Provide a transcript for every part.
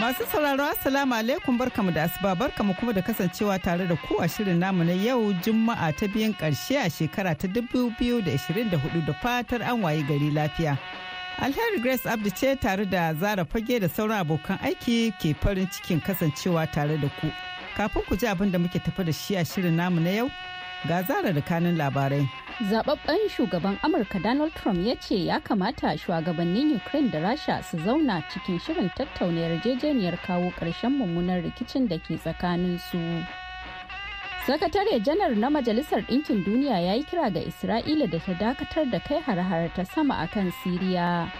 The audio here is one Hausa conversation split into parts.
Masu sauraro Assalamu alaikum barkamu da asuba barkamu kuma da kasancewa tare da ku a shirin namu na yau Juma'a ta biyan karshe a shekara ta 2024 da fatar an wayi gari lafiya. Alheri Grace Abdi ce tare da Zara Fage da sauran abokan aiki ke farin cikin kasancewa tare da ku. Kafin ku ji abin da muke tafi da shi a shirin namu na yau, Ga zara da kanin labarai. Zababben shugaban Amurka Donald Trump ya ce ya kamata shugabannin Ukraine da Rasha su zauna cikin shirin tattauna yarjejeniyar kawo ƙarshen mummunan rikicin da ke tsakanin su. Sakatare janar na Majalisar Ɗinkin Duniya ya yi kira ga Isra'ila da ta dakatar da kai har-har ta sama akan Siriya. Siriya.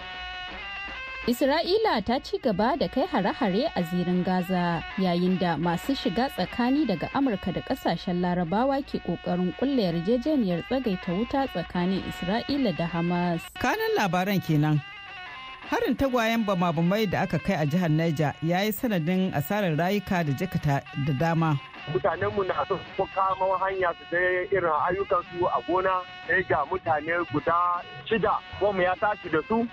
Isra'ila ta ci gaba da kai hare-hare a zirin Gaza yayin da masu shiga tsakani daga Amurka da kasashen Larabawa ke kokarin kulle yarjejeniyar tsagaita wuta tsakanin Isra'ila da Hamas. Kanan labaran kenan. Harin tagwayen bama-bamai da aka kai a jihar Niger ya yi sanadin asarar rayuka da jakata da dama. Mutanenmu na son su kama hanya su sai irin ayyukansu a gona sai ga mutane guda shida mu ya tashi da su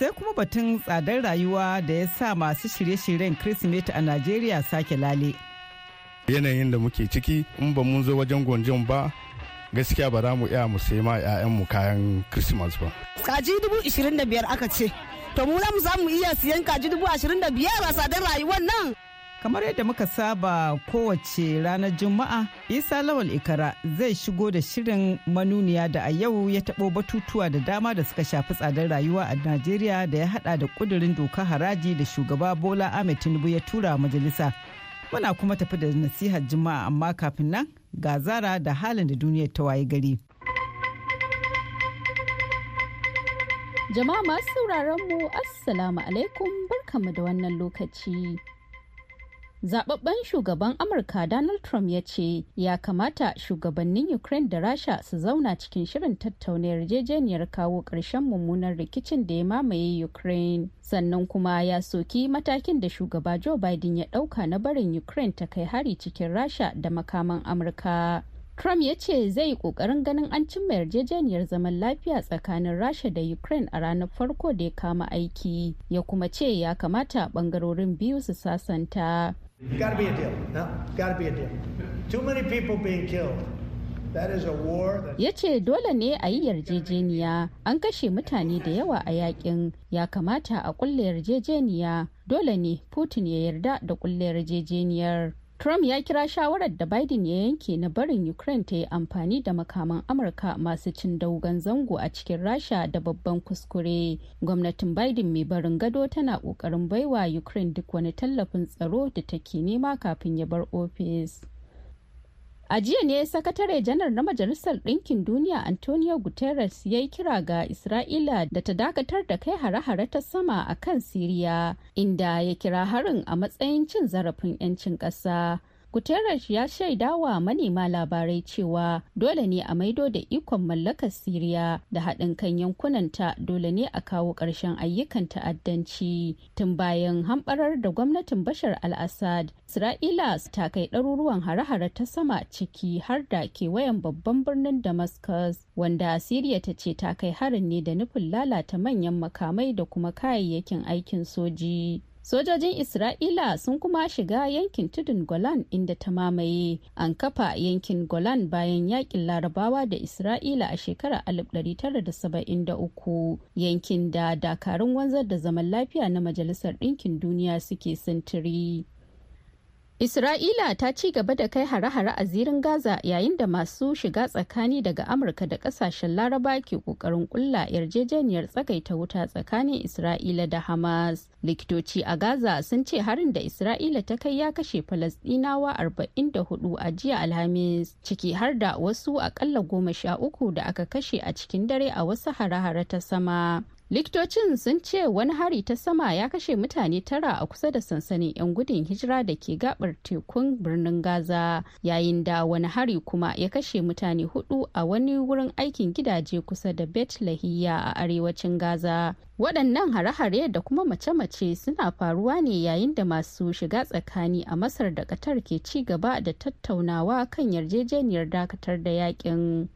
sai kuma batun tsadar rayuwa da ya sa masu shirye-shiryen kirsimeti a najeriya sake lale yanayin da muke ciki in ba mun zo wajen gwanjon ba gaskiya ba za mu iya mu sai ma 'ya'yanmu kayan christmas ba kaji dubu ishirin da biyar aka ce to mu za mu iya siyan kaji dubu ashirin da biyar a tsadar rayuwar nan kamar yadda muka saba kowace ranar juma'a isa lawal ikara zai shigo da shirin manuniya da a yau ya taɓo batutuwa da dama da suka shafi tsadar rayuwa a najeriya da ya haɗa da ƙudurin doka haraji da shugaba bola ahmed tinubu ya tura majalisa muna kuma tafi da nasihar juma'a amma kafin nan ga zara da halin da duniyar ta waye gari jama'a masu sauraron mu assalamu alaikum barkamu da wannan lokaci zababben shugaban amurka donald trump ya ce ya kamata shugabannin ukraine da rasha su zauna cikin shirin tattauna yarjejeniyar kawo ƙarshen mummunan rikicin da ya mamaye ukraine sannan kuma ya soki matakin da shugaba joe biden ya ɗauka na barin ukraine ta kai hari cikin rasha da makaman amurka Trump ya ce zai yi kokarin ganin an cimma yarjejeniyar zaman lafiya tsakanin Rasha da Ukraine a ranar farko da ya kama aiki, ya kuma ce ya kamata bangarorin biyu su sasanta. Got to be a deal. No, got to be a deal. Too many people being killed. ya ce dole ne a yi yarjejeniya an kashe mutane da yawa a yakin ya kamata a kulle yarjejeniya dole ne putin ya yarda da kulle yarjejeniyar Trump ya kira shawarar da Biden ya yanke na barin Ukraine ta yi amfani da makaman Amurka masu cin daugan zango a cikin Rasha da babban kuskure. Gwamnatin Biden mai barin gado tana ƙoƙarin baiwa Ukraine duk wani tallafin tsaro da take nema kafin ya bar ofis. A jiya ne sakatare janar na Majalisar Ɗinkin Duniya Antonio Guterres ya yi kira ga Isra'ila da ta dakatar da kai hare-hare ta sama a kan Siriya, inda ya kira harin a matsayin cin zarafin 'yancin ƙasa. guterres ya shaida wa manema labarai cewa dole ne a maido da ikon mallakar siriya da haɗin kan yankunanta dole ne a kawo ƙarshen ayyukan ta'addanci tun bayan hamɓarar da gwamnatin bashar al-assad isra'ila ta kai ɗaruruwan hare-hare ta sama ciki har da kewayen babban birnin damascus wanda siriya ta ce ta kai harin ne da nufin lalata manyan makamai da kuma kayayyakin aikin soji Sojojin Isra'ila sun kuma shiga yankin tudun Golan inda ta mamaye. An kafa yankin Golan bayan yakin larabawa da Isra'ila a shekarar 1973 yankin da dakarun wanzar da zaman lafiya na Majalisar Ɗinkin Duniya suke sintiri. Isra'ila ta ci gaba da kai hare-hare a zirin Gaza yayin da masu shiga tsakani daga Amurka da kasashen Laraba ke kokarin kulla yarjejeniyar tsagaita wuta tsakanin Isra'ila da Hamas. Likitoci a Gaza sun ce harin da Isra'ila ta kai ya kashe Falasɗinawa 44 a jiya Alhamis, ciki har da wasu akalla goma sha uku da aka kashe a cikin dare a wasu hare-hare ta sama. likitocin sun ce wani hari ta sama ya kashe mutane tara a kusa da sansanin 'yan gudun hijira da ke gabar tekun birnin gaza yayin da wani hari kuma ya kashe mutane hudu a wani wurin aikin gidaje kusa da bet lahiya a arewacin gaza waɗannan hare-hare da kuma mace-mace suna faruwa ne yayin da masu shiga tsakani a masar da ƙatar ke ci gaba da tattaunawa kan yarjejeniyar dakatar da yakin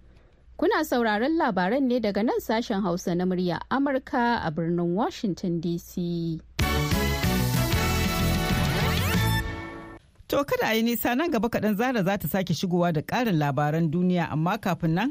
Kuna sauraron labaran ne daga nan sashen Hausa na murya Amurka a birnin Washington DC. To kada a yi nisa nan gaba kaɗan zara za ta sake shigowa da ƙarin labaran duniya amma kafin nan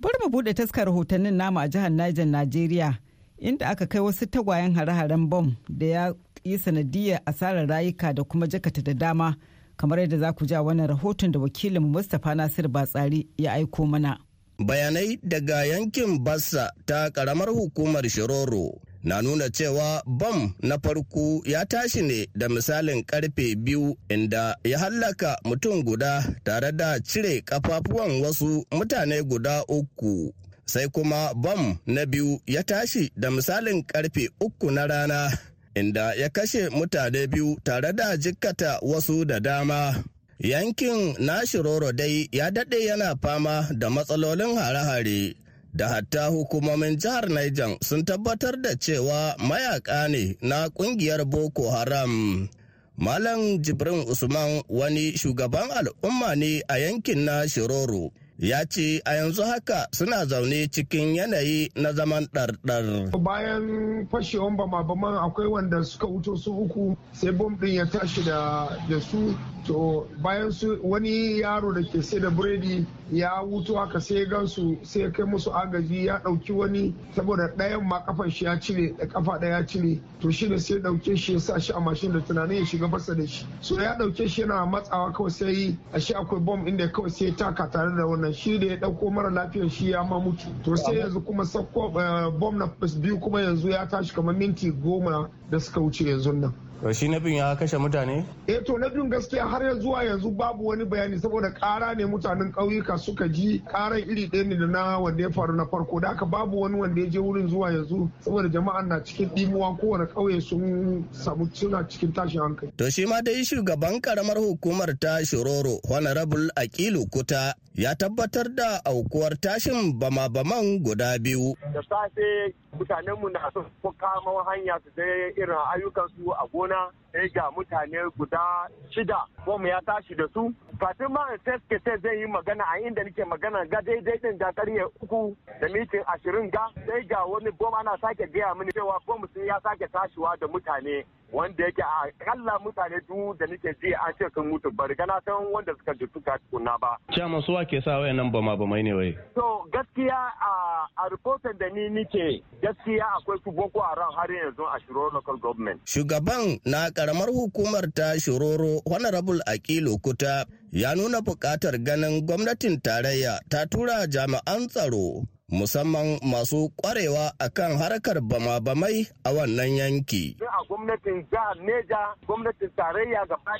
bari mu buɗe taskar rahotannin namu a jihar Niger Najeriya inda aka kai wasu tagwayen hare-haren bom da ya yi sanadiyar asarar rayuka da kuma jakata da dama kamar yadda za ku ja wannan rahoton da wakilin Mustapha Nasir Batsari ya aiko mana. bayanai daga yankin bassa ta karamar hukumar shiroro na nuna cewa bam na farko ya tashi ne da misalin karfe biyu inda ya hallaka mutum guda tare da cire kafafuwan wasu mutane guda uku sai kuma bam na biyu ya tashi da misalin karfe uku na rana inda ya kashe mutane biyu tare da jikkata wasu da dama Yankin Nashiroro dai ya daɗe yana fama da matsalolin hare-hare da hatta hukumomin jihar Niger sun tabbatar da cewa mayaka ne na ƙungiyar Boko Haram. Malam Jibrin Usman wani shugaban al'umma ne a yankin na Shiroro. ya ce a yanzu haka suna zaune cikin yanayi na zaman ɗarɗar. bayan fashewan bama akwai wanda suka wuto su uku sai bom ɗin ya tashi da su to bayan su wani yaro da ke sai da biredi ya wuto haka sai gansu sai kai musu agaji ya dauki wani saboda ɗayan ma kafan shi ya cire da kafa ɗaya ya cire to shi da sai dauke shi ya sa shi a mashin da tunanin ya shiga fasa da shi so ya dauke shi yana matsawa kawai sai yi a shi akwai bom inda kawai sai taka tare da wannan shi da ya dauko mara lafiyar shi ya ma mutu to sai yanzu kuma sakko eh, bom na biyu kuma yanzu ya tashi kamar minti goma da suka wuce yanzu nan. To eh, shi na ya kashe mutane? e to na biyun gaskiya har ya zuwa yanzu babu wani bayani saboda kara ne mutanen ƙauyuka suka ji karan iri ɗaya ne da na wanda ya faru na farko da aka babu wani wanda ya je wurin zuwa yanzu saboda jama'an na cikin ɗimuwa kowane ƙauye sun samu cina cikin tashin hankali. To shi ma dai shugaban karamar hukumar ta Shiroro Honorable Akilu Kuta ya tabbatar da aukuwar tashin bama-baman guda biyu. Da safe mutanenmu na son kama hanya su sai irin ayyukansu a gona sai ga mutane guda shida ko mu ya tashi da su. Fatin ma sai zai yi magana a inda nake magana ga daidai din da karye uku da mitin ashirin ga sai ga wani goma ana sake gaya mini cewa bom sun ya sake tashiwa da mutane wanda yake a kalla mutane duk da nake ji an ce sun mutu bari gana san wanda suka ka tukuna ba. Ciyama suwa ke sa wayannan bama bamai ne wai to gaskiya a a da ni nike gaskiya akwai su boko haram har yanzu a shiro local government shugaban na karamar hukumar ta shiroro honorable akilu kuta ya nuna buƙatar ganin gwamnatin tarayya ta tura jami'an tsaro musamman masu kwarewa akan harkar bama-bamai a wannan yanki. A gwamnatin jihar Neja, gwamnatin tarayya gaba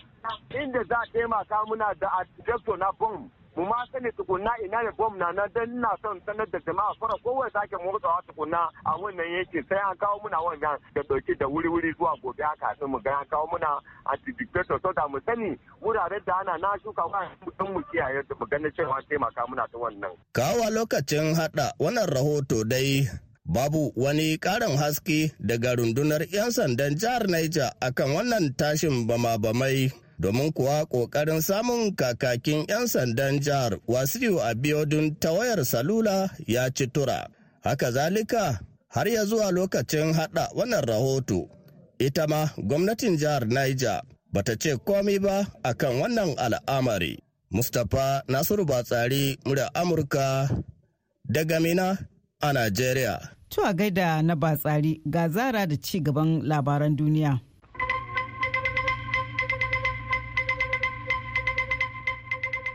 inda za a taimaka muna da a na bom mu ma sani tukunna ina ne bom na nan dan ina son sanar da jama'a fara kowai sake motsawa tukunna a wannan yankin sai an kawo muna wannan da dauki da wuri-wuri zuwa gobe haka sai mu ga an kawo muna antidictator so da mu sani wuraren da ana na shuka wa mutum mu kiyaye mu ganin cewa taimaka muna ta wannan. Kawa lokacin hada wannan rahoto dai babu wani ƙarin haske daga rundunar 'yan sandan jihar Niger akan wannan tashin bama-bamai. domin kuwa ƙoƙarin samun kakakin 'yan sandan jihar wasiu abiodun ta wayar salula ya ci tura haka zalika har ya zuwa lokacin hada wannan rahoto ita ma gwamnatin jihar niger bata ce komi ba akan wannan al'amari mustapha nasiru batsari murya amurka daga mina a Najeriya. to gaida na batsari ga zara da ci gaban labaran duniya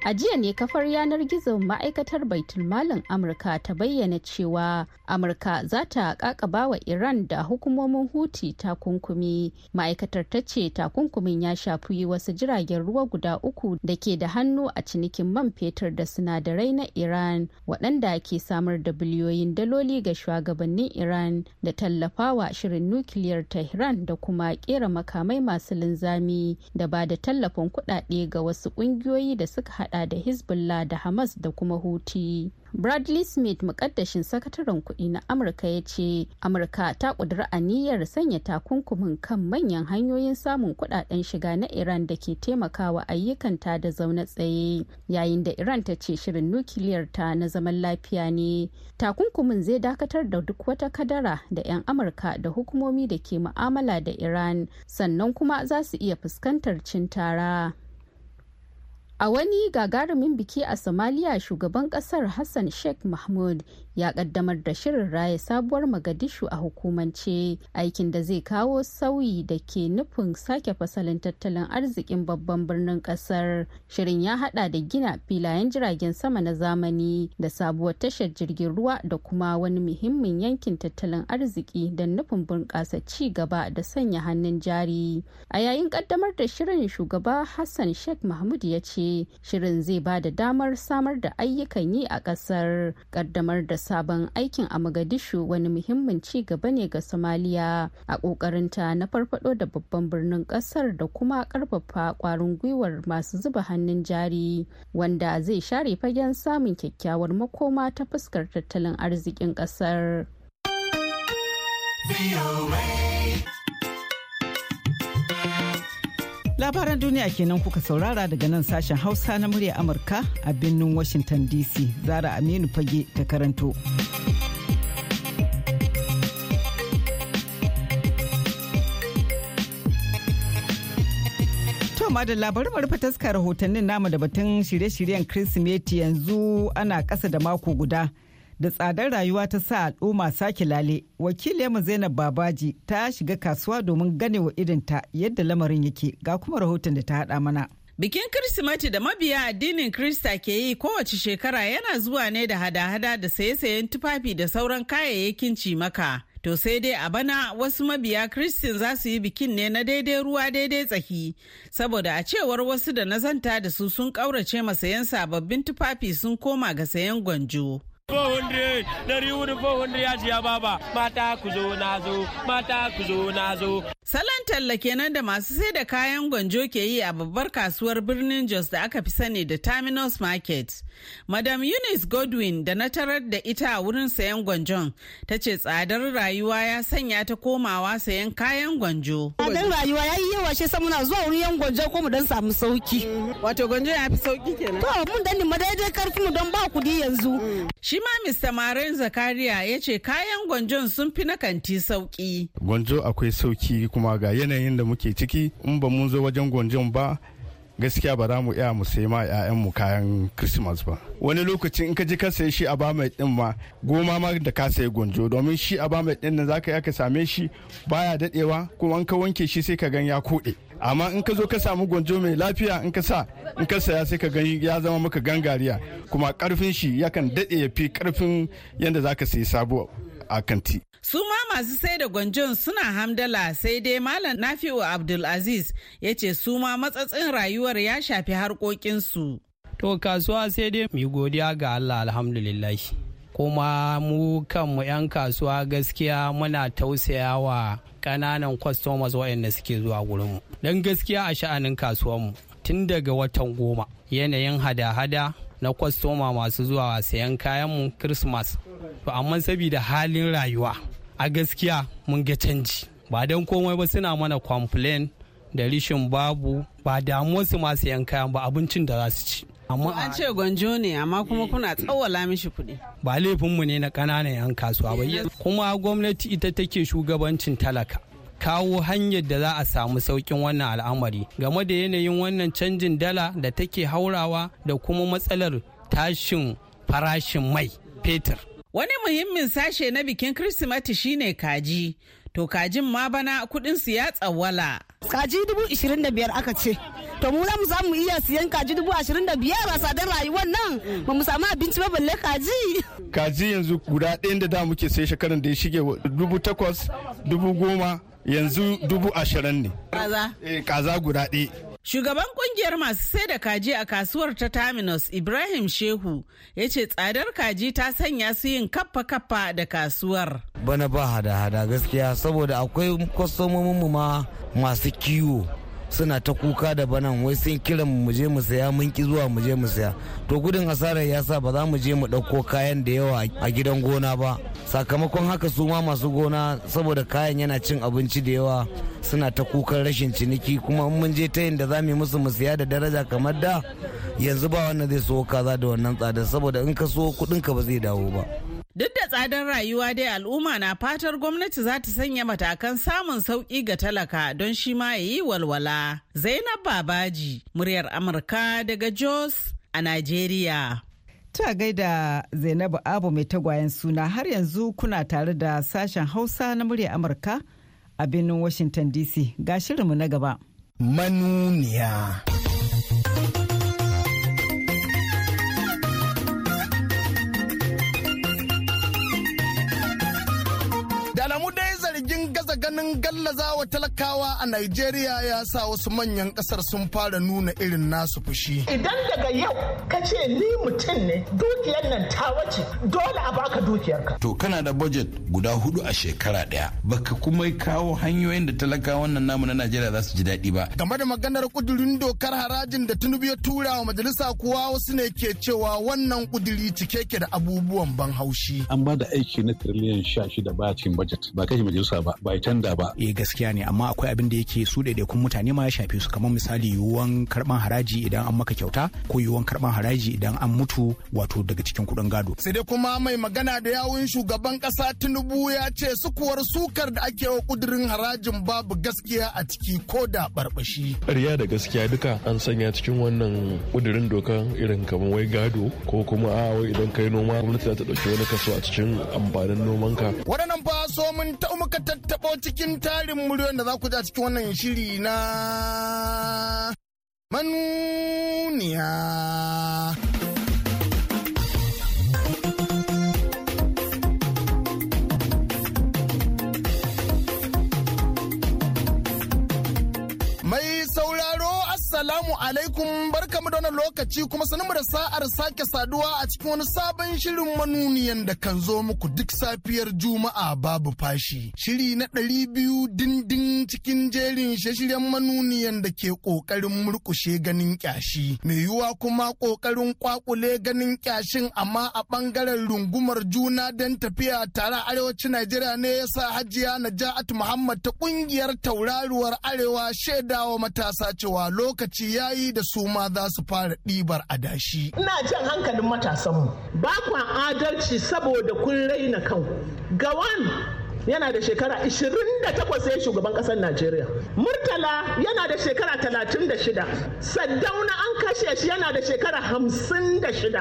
A jiya ne kafar yanar gizo ma'aikatar baitul malin Amurka ta bayyana cewa Amurka za ta kakaba wa Iran da hukumomin Huti takunkumi. Ma'aikatar ta ce takunkumin ya shafi wasu jiragen ruwa guda uku da ke da hannu a cinikin man fetur da sinadarai na Iran waɗanda ke samar da biliyoyin daloli ga shugabannin Iran da tallafawa shirin nukiliyar Tehran da kuma kera makamai masu linzami da ba da tallafin kuɗaɗe ga wasu ƙungiyoyi da suka hada da hezbollah da hamas da kuma huti bradley smith mukaddashin sakataren kudi na amurka ya ce amurka ta ƙudiri aniyar sanya takunkumin kan manyan hanyoyin samun kudaden shiga na iran da ke taimakawa ayyukanta da zaune tsaye yayin da iran ta ce shirin nukiliyar ta na zaman lafiya ne takunkumin zai dakatar da duk wata kadara da 'yan amurka da hukumomi da ke mu'amala da iran sannan kuma za su iya fuskantar cin tara A wani gagarumin biki a Somalia shugaban kasar Hassan Sheikh Mahmud ya kaddamar da shirin raya sabuwar magadishu a hukumance aikin da zai kawo sauyi da ke nufin sake fasalin tattalin arzikin babban birnin kasar shirin ya hada da gina filayen jiragen sama na zamani da sabuwar tashar jirgin ruwa da kuma wani muhimmin yankin tattalin arziki da nufin bunƙasa ci gaba da sanya hannun jari a yayin kaddamar da shirin shugaba hassan sheikh mahmud ya ce shirin zai ba da damar samar da ayyukan yi a ƙasar kaddamar da sabon aikin a Mogadishu wani muhimmin ci gaba ne ga Somalia a ƙoƙarinta na farfado da babban birnin ƙasar da kuma ƙarfafa ƙwarin gwiwar masu zuba hannun jari wanda zai share fagen samun kyakkyawar makoma ta fuskar tattalin arzikin ƙasar. Labaran duniya kenan kuka saurara daga nan sashen Hausa na murya Amurka a birnin Washington DC. Zara Aminu Fage ta karanto. kama da labarin marfa taska rahotannin namu da batun shirye-shiryen Kirsimeti yanzu ana ƙasa da mako guda. da tsadar rayuwa ta sa al'umma sake lale wakilinmu zainab babaji ta shiga kasuwa domin gane ganewa irinta yadda lamarin yake ga kuma rahoton da ta haɗa mana Bikin Kirsimeti da mabiya addinin Krista ke yi kowace shekara yana zuwa ne da hada-hada da saye-sayen tufafi da sauran kayayyakin cimaka. To sai dai a bana wasu mabiya Kristin za su yi bikin ne na daidai ruwa daidai tsaki, saboda a cewar wasu da na zanta da su sun ƙaurace masayan sababbin tufafi sun koma ga sayan gwanjo. 400 ya baba mata ku zo na zo mata ku zo na zo. Salon talla kenan da masu sai da kayan gwanjo ke yi a babbar kasuwar birnin Jos da aka fi sani da Terminus Market. Madam Eunice Godwin da na tarar da ita a wurin sayan gwanjon ta ce tsadar rayuwa ya sanya ta komawa sayan kayan gwanjo. Tsadar rayuwa ya yi yawa shi muna zuwa wurin yan gwanjo ko mu dan samu sauki. Wato gwanjo ya fi sauki kenan. To mun dan ni madaidai karfi mu don ba kudi yanzu. Mm. Shi ma Mr. Maren Zakaria ya ce kayan gwanjon sun fi na kanti sauki. Gwanjo akwai sauki kuma ga yanayin da muke ciki in ba mun zo wajen gwanjon ba gaskiya ba za mu iya mu sai ma mu kayan christmas ba wani lokacin in ka ji ka sayi shi a bamai din ma goma ma da ka sayi gonjo domin shi a bamai din nan zaka ka same shi baya dadewa kuma an ka wanke shi sai ka gan ya kuɗe amma in ka zo ka samu gwanjo mai lafiya in ka sa in ka saya sai ka gani ya zama maka gangariya kuma karfin shi yakan daɗe ya fi karfin yadda za ka sayi sabo a kanti. Su ma masu sai da gwanjon suna hamdala sai dai Malam Nafi'u Abdulaziz ya ce su ma matsatsin rayuwar ya shafi harkokinsu. To kasuwa sai dai mu godiya ga Allah alhamdulillah. Kuma mu kanmu 'yan kasuwa gaskiya muna tausayawa ƙananan customers waɗanda suke zuwa gurinmu don gaskiya a sha'anin kasuwanmu tun daga watan goma yanayin hada-hada na kwastoma masu zuwa sayan kayanmu christmas to amma sabida halin rayuwa a gaskiya mun ga canji ba don komai ba suna mana complain da rishin babu ba damuwarsu masu sayan kayan ba abincin da za su ci amma an ce gwanjo ne amma kuma eh. kuna tsawwala mishi kuɗi ba laifinmu ne na ƙananan 'yan kasuwa ba eh. kuma gwamnati ita take shugabancin talaka kawo hanyar da za a samu saukin wannan al'amari game da yanayin wannan canjin dala da take haurawa da kuma matsalar tashin farashin mai fetur wani muhimmin sashe na bikin kirsimati shine kaji to kajin ma bana kudinsu ya tsawwala kaji dubu ishirin da biyar aka ce to mu za mu iya siyan kaji dubu ashirin da biyar a sadar rayuwar nan ba mu samu abinci ba balle kaji kaji yanzu guda ɗayan da da muke sai shekarun da ya shige dubu takwas dubu goma yanzu dubu ashirin ne eh, kaza guda ɗaya Shugaban kungiyar masu sai da kaji a kasuwar ta Terminus Ibrahim Shehu ya ce tsadar kaji ta sanya su yin kaffa-kaffa da kasuwar. Bana ba hada-hada gaskiya saboda akwai kwastomomin mu ma masu kiwo suna ta kuka da banan wai sun kiran mu je mu saya mun ki zuwa mu je mu saya to gudun asarar ya sa ba za mu je mu ɗauko kayan da yawa a gidan gona ba sakamakon haka su ma masu gona saboda kayan yana cin abinci da yawa suna ta kukan rashin ciniki kuma mun je ta yin da za mu musu mu saya da daraja kamar da yanzu ba wannan zai so kaza da wannan tsada saboda in ka so kuɗinka ba zai dawo ba Duk da tsadar rayuwa dai al'umma na fatar gwamnati za ta sanya matakan samun sauƙi ga talaka don shi ma ya yi walwala. Zainab Babaji, muryar Amurka daga Jos a Najeriya. Ta gaida Zainabu Abu mai tagwayen suna har yanzu kuna tare da sashen Hausa na muryar Amurka a birnin Washington DC ga shirinmu na gaba. Manuniya. ganin gallazawa talakawa a Najeriya ya sa wasu manyan kasar sun fara nuna irin nasu fushi. Idan daga yau ka ce ni mutum ne dukiyar nan ta wace dole a baka dukiyarka. To kana da budget guda hudu a shekara daya baka kuma kawo hanyoyin da talakawa wannan namu na Najeriya za su ji daɗi ba. Game da maganar kudurin dokar harajin da Tinubu ya tura wa majalisa kuwa wasu ne ke cewa wannan kuduri cike ke da abubuwan ban haushi. An ba da aiki na tiriliyan sha shida ba cikin budget ba kai majalisa ba tanda ba eh gaskiya ne amma akwai abin da yake su kun mutane ma ya shafe su kamar misali yiwuwan karban haraji idan an maka kyauta ko yiwuwan karban haraji idan an mutu wato daga cikin kuɗin gado sai dai kuma mai magana da yawun shugaban kasa tinubu ya ce sukuwar sukar da ake wa kudirin harajin babu gaskiya a ciki ko da barbashi riya da gaskiya duka an sanya cikin wannan kudirin dokan irin kamar wai gado ko kuma a wai idan kai noma gwamnati za ta ɗauki wani kaso a cikin amfanin noman ka. waɗannan fa so mun ta tattaɓo cikin tarin muryoyin da za ku ja cikin wannan shiri na manuniya. Mai sauraro, Assalamu alaikum wannan lokaci kuma sanmu da sa'ar sake saduwa a cikin wani sabon shirin manuniyan da kan zo muku duk safiyar Juma'a babu fashi. Shiri na ɗari biyu dindin cikin jerin shirin manuniyan da ke ƙoƙarin murƙushe ganin ƙyashi. Mai yiwuwa kuma ƙoƙarin ƙwaƙule ganin ƙyashin amma a ɓangaren rungumar juna don tafiya tare arewacin Najeriya ne ya sa Hajiya Naja'at Muhammad ta ƙungiyar tauraruwar Arewa shaidawa matasa cewa lokaci yayi da su ma za su fara ɗibar adashi. Ina jan hankalin matasanmu, ba kwa adalci saboda kun raina kanku. Gawan yana da shekara 28 ya shugaban kasar Najeriya. Murtala yana da shekara 36. Saddauna an kashe shi yana da shekara 56.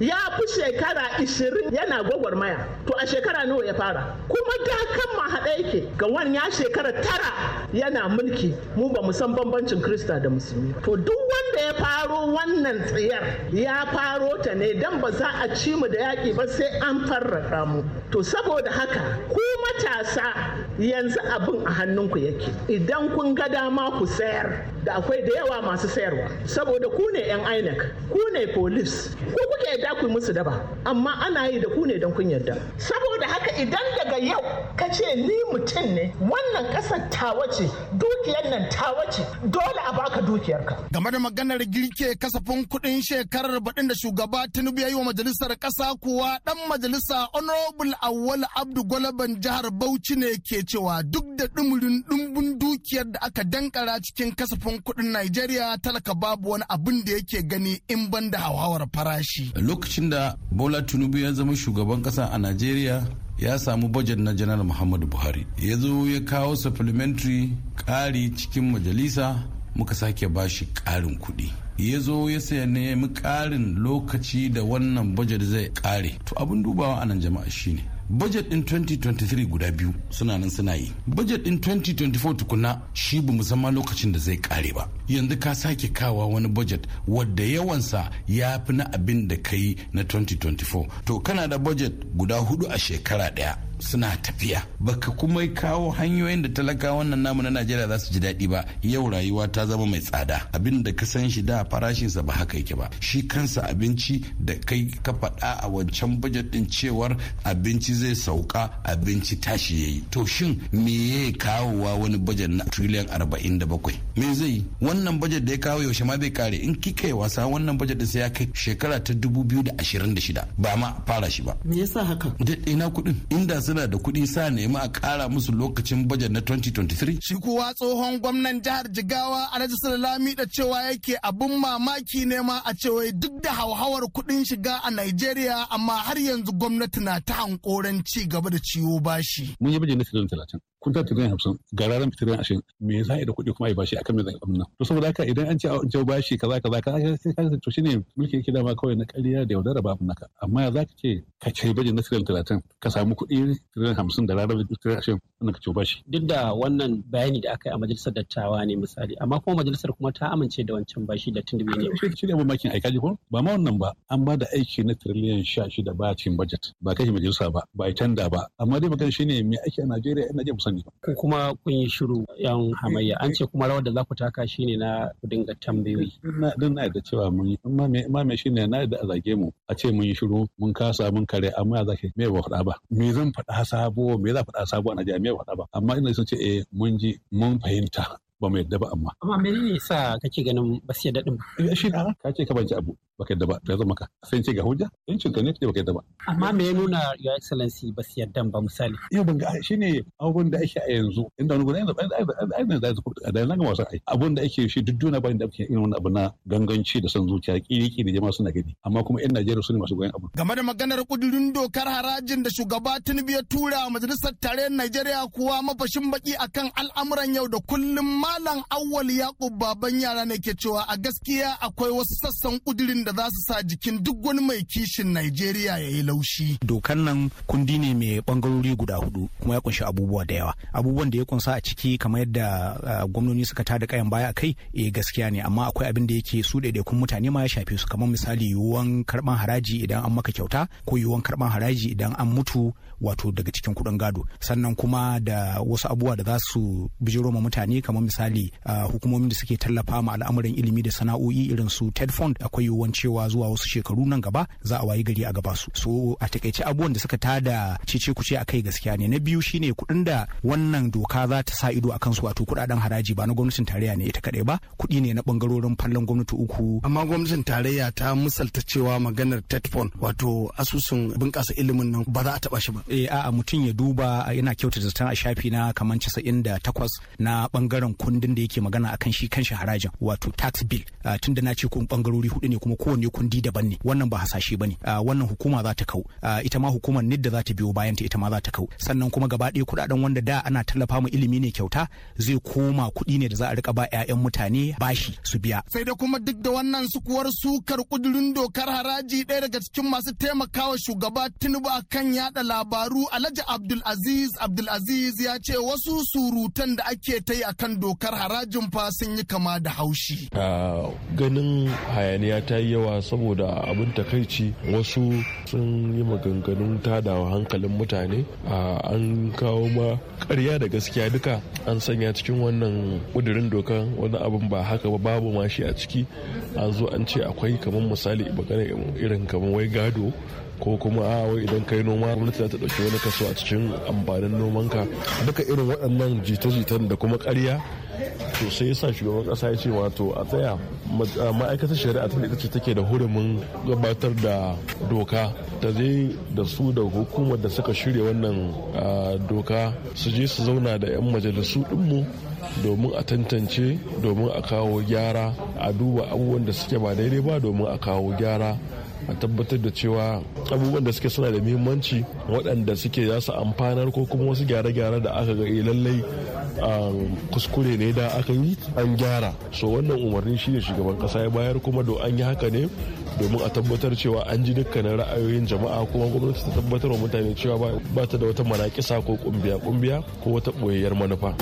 Ya fi shekara 20 yana gwagwarmaya. To a shekara nawa ya fara. Kuma da kan ma haɗa yake ga wani ya shekara tara yana mulki mu ba mu san bambancin Krista da Musulmi. To duk wanda ya faro wannan tsiyar ya faro ta ne dan ba za a ci mu da yaƙi ba sai an fara mu. To saboda haka ku mata matasa yanzu abin a hannunku yake idan kun ga dama ku sayar da akwai da yawa masu sayarwa saboda ku ne 'yan inec ku ne polis ku kuke yadda ku musu daba amma ana yi da ku ne don kun yarda saboda haka idan daga yau ka ce ni mutum ne wannan ƙasar tawace dukiyar nan ta wace dole a baka dukiyarka game da maganar girke kasafin kuɗin shekarar baɗin da shugaba tinubu ya yi wa majalisar ƙasa kuwa ɗan majalisa honorable awwal abdu gwalaban jihar bauchi ne ke cewa duk da ɗumurin ɗumbin dukiyar da aka dankara cikin kasafin tsadar Najeriya talaka babu wani abin da yake gani in ban da hauhawar farashi. Lokacin da Bola Tinubu ya zama shugaban kasa a Najeriya ya samu bajet na janar Muhammadu Buhari. Ya zo ya kawo supplementary ƙari cikin majalisa muka sake bashi ƙarin kuɗi. ya zo ya saya nemi ƙarin lokaci da wannan bajet zai kare To abin dubawa a nan jama'a shine. budget din 2023 guda biyu suna nan suna yi budget din 2024 tukuna shi bu musamman lokacin da zai kare ba yanzu ka sake kawa wani budget wadda yawansa ya fi na abin da ka yi na 2024 to kana da budget guda hudu a shekara daya suna tafiya baka kuma kawo hanyoyin da talaka wannan namu na najeriya za su ji daɗi ba yau rayuwa ta zama mai tsada abin da ka san shi da farashinsa ba haka yake ba shi kansa abinci da kai ka faɗa a wancan budget din cewar abinci zai sauka abinci tashi yayi to shin me ya kawowa wani budget na triliyan arba'in da bakwai me zai yi wannan budget da ya kawo yaushe ma bai kare in kika yi wasa wannan budget din sai ya kai shekara ta dubu biyu da ashirin da shida ba ma fara shi ba me yasa haka ina kuɗin inda suna da kuɗi sa nemi a ƙara musu lokacin bajet na 2023? Shi kuwa tsohon gwamnan jihar Jigawa Alhaji Salalami da cewa yake abin mamaki ne ma a cewa duk da hauhawar kuɗin shiga a Najeriya amma har yanzu gwamnati na ta hankoran ci gaba da ciwo bashi. Mun yi bajet na talatin. kun ta tiriliyan hamsin ga ranar tiriliyan ashirin me za a yi da kuɗi kuma a yi bashi akan me zai abin nan to saboda haka idan an ce an ce bashi kaza kaza kaza sai ka to shine mulki yake dama kawai na ƙarya da yaudara babu naka amma za ka ce ka ce bajin na tiriliyan talatin ka samu kuɗi tiriliyan hamsin da ranar tiriliyan ashirin wannan ka ce bashi. duk da wannan bayani da aka yi a majalisar dattawa ne misali amma kuma majalisar kuma ta amince da wancan bashi da tun da bai ne. shi ne abin makin aika ko ba ma wannan ba an ba da aiki na tiriliyan sha shida ba cikin bajet ba kashe majalisa ba ba tanda ba amma dai magana shine me ake a Najeriya ina jin sani kuma kun yi shiru yan hamayya an ce kuma rawar da za ku taka shi ne na ku dinga tambayoyi na din na da cewa mun amma mai shi ne na yadda a zage mu a ce mun yi shiru mun kasa mun kare amma ya zake me ba faɗa ba me zan faɗa sabo me za faɗa sabo a Najeriya me faɗa ba amma ina sun ce eh mun ji mun fahimta ba mu yadda ba amma. Amma me ne sa kake ganin ba su yadda ɗin ba? Shi na ka ce ka banci abu ka yadda ba ta zama ka sai ce ga hujja yancin ka ne ce yadda ba. Amma me ya nuna Ya excellency ba su yadda ba misali. Yau ban ga shi ne abubuwan da ake a yanzu inda wani gudanar da ainihin da a da yanzu wasan ai abun da ake shi duk duniya bayan da ake irin wani abu na ganganci da son zuciya kiriki da jama'a suna gani amma kuma yan Najeriya su ne masu goyon abu. Game da maganar kudurin dokar harajin da shugaba Tinubu ya tura majalisar tarayyar Najeriya kuwa mafashin baki akan al'amuran yau da kullum Malam Awwal Yakub baban yara ne ke cewa a gaskiya akwai wasu sassan kudirin da za su sa jikin duk wani mai kishin Najeriya ya yi laushi. Dokan nan kundi ne mai bangarori guda hudu kuma ya kunshi abubuwa da yawa. Abubuwan da ya kunsa a ciki kamar yadda gwamnoni suka ta da kayan baya kai eh gaskiya ne amma akwai abin da yake su kun mutane ma ya shafe su kamar misali yiwuwan karban haraji idan an maka kyauta ko yiwuwan karban haraji idan an mutu wato daga cikin kudin gado sannan kuma da wasu abubuwa da za su bijiro ma mutane kamar misali hukumomin da suke tallafa ma al'amuran ilimi da sana'o'i irin su ted fund akwai yiwuwan cewa zuwa wasu shekaru nan gaba za a wayi gari a gaba su so a takaice abubuwan da suka tada cece kuce a kai gaskiya ne na biyu shine kuɗin da wannan doka za ta sa ido a kansu wato kuɗaɗen haraji ba na gwamnatin tarayya ne ita kaɗai ba kuɗi ne na ɓangarorin fallon gwamnati uku amma gwamnatin tarayya ta misalta cewa maganar ted fund wato asusun bunƙasa ilimin nan ba za a taɓa shi ba eh a'a mutum ya duba yana kyautata zaton a shafi na kamar 98 na ɓangaren kundin da yake magana akan shi kanshi harajin wato tax bill ah, tun da na ce kun bangarori hudu ne kuma kowanne kundi daban ne wannan ba hasashe bane ah, wannan hukuma za ta kau ah, ita ma hukumar nidda za ta biyo bayan ta ita ma za ta kau sannan kuma gaba ɗaya kuɗaɗen wanda da ana tallafa mu ilimi ne kyauta zai koma kuɗi ne da za a rika ba 'ya'yan mutane bashi su biya sai da kuma duk da wannan sukuwar sukar kudurin dokar haraji ɗaya daga cikin masu taimakawa shugaba tinubu akan yada labaru alhaji abdulaziz abdulaziz ya ce wasu surutan da ake ta yi akan dokar dokar harajin fa sun yi kama da haushi. ganin hayaniya ta yi yawa saboda abin takaici wasu sun yi maganganun tadawa hankalin mutane an kawo ma karya da gaskiya duka an sanya cikin wannan ƙudurin dokan wani abin ba haka ba babu mashi a ciki an zo an ce akwai kamar misali irin kamar wai gado ko kuma a wai idan kai noma gwamnati za ta ɗauki wani kaso a cikin amfanin nomanka duka irin waɗannan jita-jitan da kuma ƙarya to sai yasa shugaban kasa ya ce wato a tsaya ma'aikatar shari'a ta ita ce take da hurumin gabatar da doka ta je da su da hukumar da suka shirya wannan doka su je su zauna da 'yan majalisu dinmu domin a tantance domin a kawo gyara a duba abubuwan da suke ba daidai ba domin a kawo gyara a tabbatar da cewa abubuwan da suke suna da muhimmanci waɗanda suke za su amfanar ko kuma wasu gyare-gyare da aka ga eh, lallai um, kuskure ne da aka yi an gyara so wannan umarni ne shugaban kasa ya bayar kuma do an yi haka ne domin a tabbatar cewa an ji dukkanin ra'ayoyin jama'a kuma gwamnati ta tabbatar wa mutane cewa ba ta da wata manaƙisa ko kumbiya kumbiya ko wata ɓoyayyar manufa.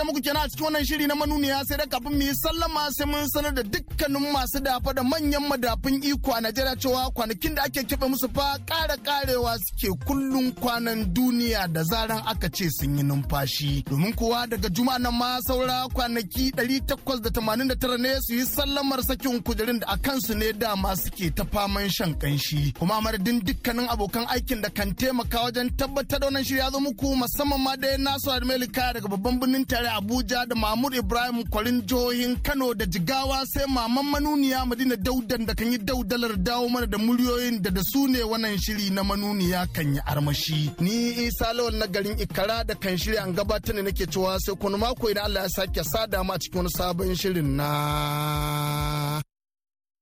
ce muku kenan a cikin wannan shiri na manuniya sai da kafin mu yi sallama sai mun sanar da dukkanin masu dafa da manyan madafin iko a Najeriya cewa kwanakin da ake keɓe musu fa ƙara ƙarewa suke kullun kwanan duniya da zaran aka ce sun yi numfashi. Domin kowa daga juma'a nan ma saura kwanaki 889 ne su yi sallamar sakin kujerin da a kansu ne dama suke ta faman shan kanshi. Kuma madadin dukkanin abokan aikin da kan taimaka wajen tabbatar da wannan ya zo muku musamman ma da Nasu Admeli daga babban birnin tare Abuja da Mahmud Ibrahim Kwarin jihohin Kano da Jigawa sai maman manuniya Madina Daudan da kan yi daudalar dawo mana da muryoyin da da su ne wannan shiri na manuniya kan yi armashi. Ni Isa Lawal na garin Ikara da kan shiri an gabatar da nake cewa sai kuma mako idan Allah ya sake sada mu a cikin wani sabon shirin na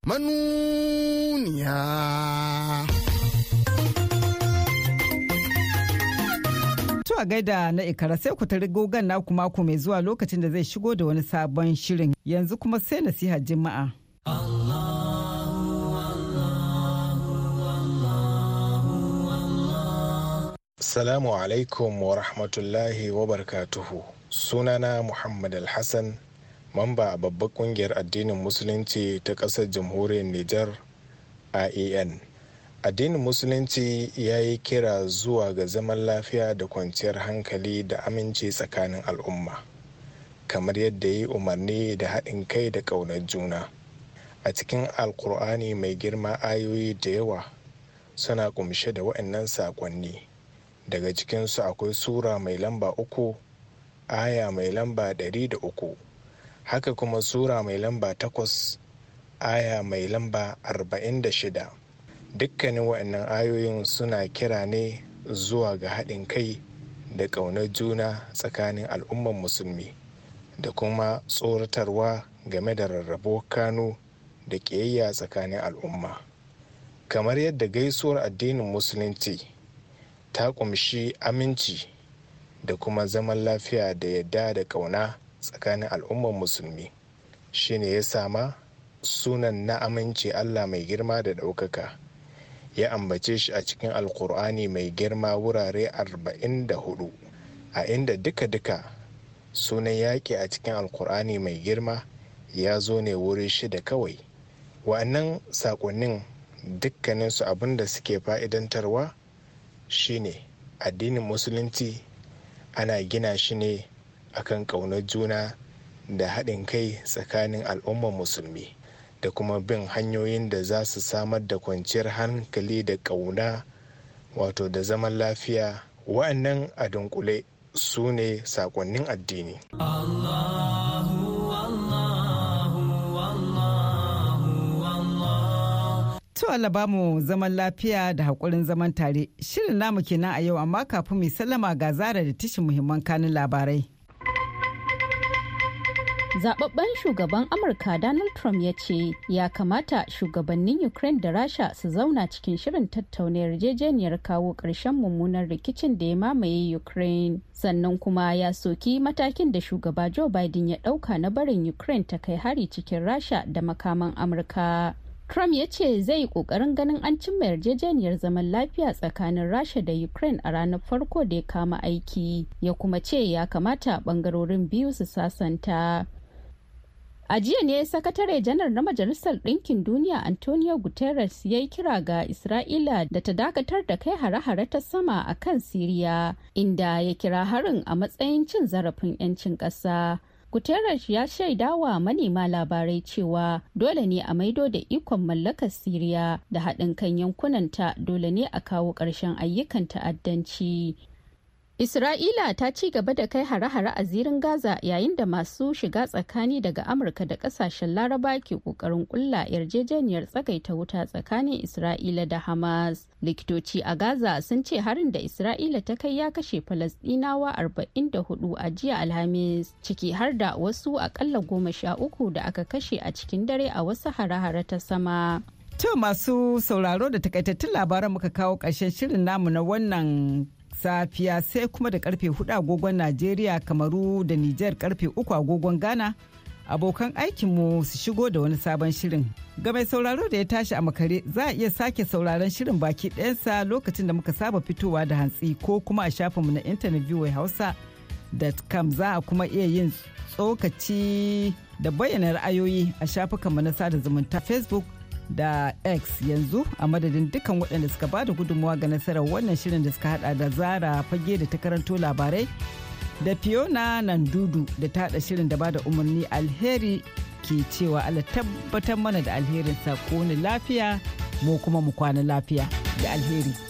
manuniya. a gaida na ikara sai ku tari na naku mako mai zuwa lokacin da zai shigo da wani sabon shirin yanzu kuma sai nasihar jima'a. Salamu alaikum wa rahmatullahi wa barkatuhu. Sunana Muhammad Alhassan, mamba a babbar kungiyar addinin Musulunci ta ƙasar jamhuriyar Nijar IAN. addinin musulunci ya yi kira zuwa ga zaman lafiya da kwanciyar hankali da aminci tsakanin al'umma kamar yadda ya yi umarni da haɗin kai da ƙaunar juna a cikin alkur'ani mai girma ayoyi da yawa suna ƙumshe da waɗannan saƙonni daga cikinsu akwai sura mai lamba uku aya mai lamba ɗari da uku haka kuma sura mai lamba takwas aya mai lamba arba'in da shida dukkanin waɗannan ayoyin suna kira ne zuwa ga haɗin kai da ƙaunar juna tsakanin al'umman musulmi da kuma tsoratarwa game da rarrabo kano da ƙiyayya tsakanin al'umma kamar yadda gaisuwar addinin musulunci ta ƙumshi aminci da kuma zaman lafiya da yadda da ƙauna tsakanin al'ummar musulmi shine ya sama sunan na aminci allah mai girma da ɗaukaka ya ambace shi a cikin alkur'ani mai girma wurare 44 a inda duka-duka sunan yaƙi a cikin alkur'ani mai girma ya zo ne wuri shida kawai wa'annan saƙonnin dukkaninsu abin da suke fa'idantarwa shine addinin musulunci ana gina shi ne akan ƙaunar juna da haɗin kai tsakanin al'ummar musulmi da kuma bin hanyoyin da za su samar da kwanciyar hankali da ƙauna wato da zaman lafiya wa'annan a dunkule su ne sakonnin addini. To Allah ba mu zaman lafiya da haƙurin zaman tare. Shirin namu kenan a yau amma kafin mai sallama ga zara da tishin muhimman kanin labarai. zababben shugaban amurka donald trump ya ce ya kamata shugabannin ukraine da rasha su zauna cikin shirin tattauna yarjejeniyar kawo ƙarshen mummunan rikicin da ya mamaye ukraine sannan kuma ya soki matakin da shugaba joe biden ya ɗauka na barin ukraine ta kai hari cikin rasha da makaman amurka Trump ya ce zai kokarin ganin an cimma yarjejeniyar zaman lafiya tsakanin Rasha da Ukraine a ranar farko da ya kama aiki, ya kuma ce ya kamata bangarorin biyu su sasanta. A jiya ne sakatare janar na Majalisar Ɗinkin Duniya Antonio Guterres ya yi kira ga Isra'ila da ta dakatar da kai hare-hare ta sama a kan Siriya, inda ya kira harin a matsayin cin zarafin 'yancin ƙasa. Guterres ya shaida wa manema labarai cewa dole ne a maido da ikon mallakar Siriya da haɗin kan yankunanta dole ne a kawo ƙarshen ayyukan ta'addanci. Isra'ila ta ci gaba da kai hare-hare a zirin Gaza yayin da masu shiga tsakani daga Amurka da kasashen Laraba ke kokarin kulla yarjejeniyar tsagaita wuta tsakanin Isra'ila da Hamas. Likitoci a Gaza sun ce harin da Isra'ila ta kai ya kashe Falasɗinawa 44 a jiya Alhamis, ciki har da wasu akalla goma sha uku da aka kashe a cikin dare a wasu hare-hare ta sama. To masu sauraro da takaitattun labaran muka kawo ƙarshen shirin namu na wannan safiya sai kuma da karfe 4 agogon Najeriya, Kamaru da Nijar karfe 3 agogon Ghana. Abokan aikinmu su shigo da wani sabon shirin. Ga mai sauraro da ya tashi a makare za a iya sake sauraron shirin baki ɗayansa lokacin da muka saba fitowa da hantsi ko kuma a shafinmu na intanet hausa.com za a kuma iya yin tsokaci da bayyana ra'ayoyi a shafukanmu na sada zumunta Facebook da X yanzu a madadin dukkan waɗanda suka bada gudunmawa ga nasarar wannan shirin da suka hada da Zara fage da ta karanto labarai da Fiona Nandudu da ta haɗa shirin da ba da umarni alheri ke cewa Allah tabbatar mana da alherin sa lafiya mu kuma mu kwana lafiya da alheri.